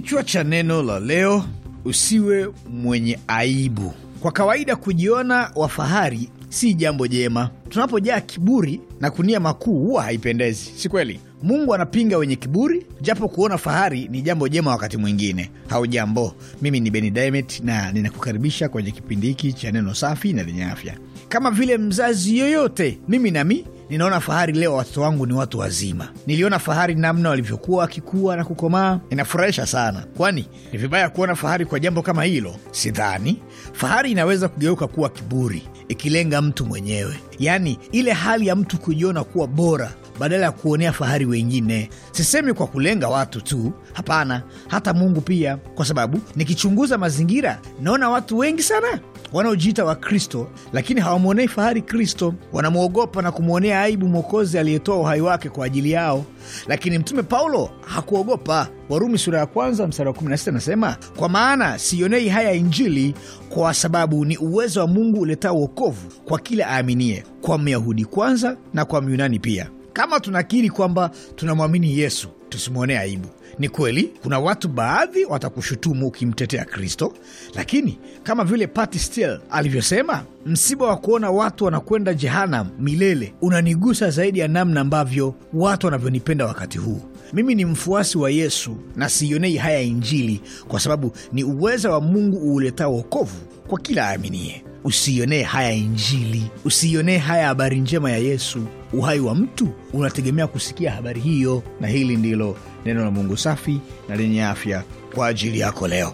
Kichwa cha neno la leo: usiwe mwenye aibu. Kwa kawaida, kujiona wa fahari si jambo jema. Tunapojaa kiburi na kunia makuu huwa haipendezi, si kweli? Mungu anapinga wenye kiburi, japo kuona fahari ni jambo jema wakati mwingine. Haujambo, mimi ni Beni Dimet na ninakukaribisha kwenye kipindi hiki cha neno safi na lenye afya. Kama vile mzazi yoyote, mimi nami Ninaona fahari leo watoto wangu ni watu wazima. Niliona fahari namna walivyokuwa wakikua na kukomaa, inafurahisha sana. Kwani ni vibaya kuona fahari kwa jambo kama hilo? Sidhani. Fahari inaweza kugeuka kuwa kiburi ikilenga mtu mwenyewe, yaani ile hali ya mtu kujiona kuwa bora badala ya kuonea fahari wengine. Sisemi kwa kulenga watu tu, hapana, hata Mungu pia, kwa sababu nikichunguza mazingira naona watu wengi sana wanaojiita Wakristo lakini hawamwonei fahari Kristo, wanamwogopa na kumwonea aibu Mwokozi aliyetoa uhai wake kwa ajili yao. Lakini Mtume Paulo hakuogopa. Warumi sura ya kwanza mstari wa 16 anasema kwa maana siionei haya Injili, kwa sababu ni uwezo wa Mungu uletao wokovu kwa kila aaminie kwa Myahudi kwanza na kwa Myunani pia. Kama tunakiri kwamba tunamwamini Yesu tusimwonee aibu. Ni kweli kuna watu baadhi watakushutumu ukimtetea Kristo, lakini kama vile patistel alivyosema, msiba wa kuona watu wanakwenda jehanam milele unanigusa zaidi ya namna ambavyo watu wanavyonipenda wakati huu. Mimi ni mfuasi wa Yesu na siionei haya Injili kwa sababu ni uweza wa Mungu uuleta wokovu kwa kila aaminie Usiionee haya Injili, usiionee haya habari njema ya Yesu uhai wa mtu unategemea kusikia habari hiyo, na hili ndilo neno la Mungu safi na lenye afya kwa ajili yako leo.